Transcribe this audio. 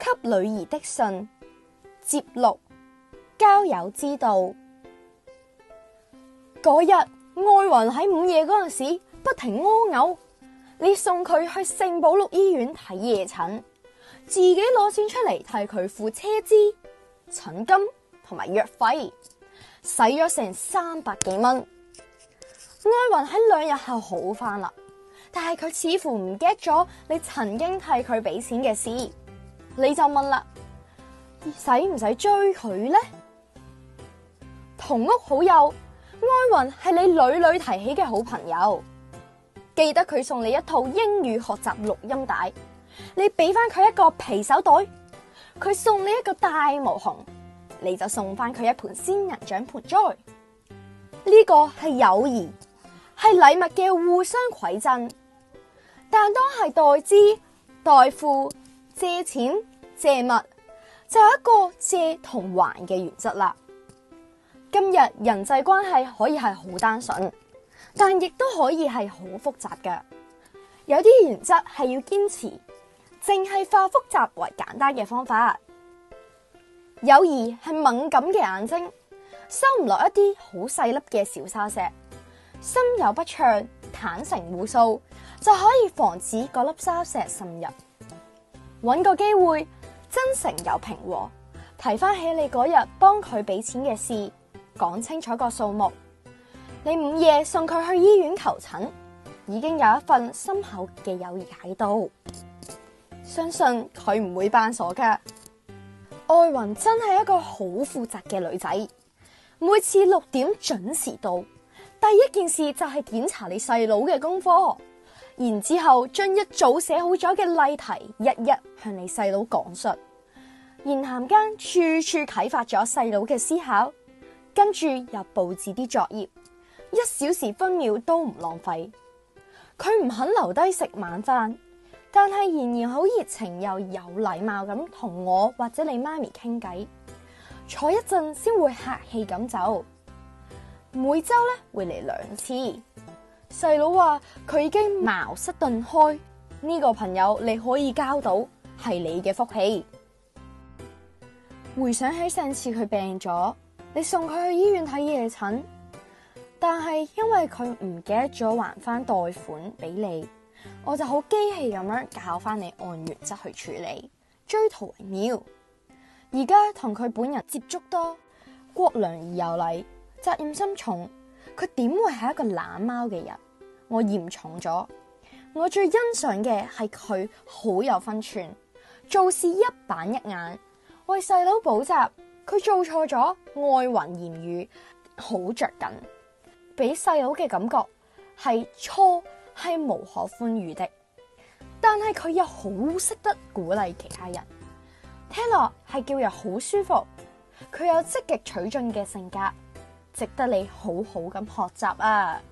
給女兒的信節錄，交友之道。嗰日，愛雲喺午夜嗰陣時不停屙嘔，你送佢去聖保祿醫院睇夜診，自己攞錢出嚟替佢付車資、診金同埋藥費，使咗成三百幾蚊。愛雲喺兩日後好翻啦，但係佢似乎唔記得咗你曾經替佢俾錢嘅事。你就問啦，使唔使追佢咧？同屋好友，愛雲係你屢屢提起嘅好朋友，記得佢送你一套英語學習錄音帶，你俾翻佢一個皮手袋，佢送你一個大毛熊，你就送翻佢一盆仙人掌盆栽。呢、這個係友誼，係禮物嘅互相饋贈，但當係代支、代付、借錢。借物就有一個借同還嘅原則啦。今日人際關係可以係好單純，但亦都可以係好複雜嘅。有啲原則係要堅持，淨係化複雜為簡單嘅方法。友誼係敏感嘅眼睛，收唔落一啲好細粒嘅小沙石，心有不暢，坦誠互訴就可以防止嗰粒沙石滲入。揾個機會，真誠又平和，提翻起你嗰日幫佢俾錢嘅事，講清楚個數目。你午夜送佢去醫院求診，已經有一份深厚嘅友誼喺度，相信佢唔會扮傻噶。愛雲真係一個好負責嘅女仔，每次六點準時到，第一件事就係檢查你細佬嘅功課。然之後將一早寫好咗嘅例題一一向你細佬講述，言談間處處啟發咗細佬嘅思考，跟住又布置啲作業，一小時分秒都唔浪費。佢唔肯留低食晚飯，但係仍然,然好熱情又有禮貌咁同我或者你媽咪傾偈。坐一陣先會客氣咁走。每周咧會嚟兩次。細佬話佢已經茅塞頓開，呢個朋友你可以交到係你嘅福氣。回想起上次佢病咗，你送佢去醫院睇夜診，但係因為佢唔記得咗還翻貸款俾你，我就好機器咁樣教翻你按原則去處理，追逃為妙。而家同佢本人接觸多，國良而有禮，責任心重。佢點會係一個懶貓嘅人？我嚴重咗。我最欣賞嘅係佢好有分寸，做事一板一眼。為細佬補習，佢做錯咗，外云言語，好着緊。俾細佬嘅感覺係初係無可寬恕的。但係佢又好識得鼓勵其他人，聽落係叫人好舒服。佢有積極取進嘅性格。值得你好好咁學習啊！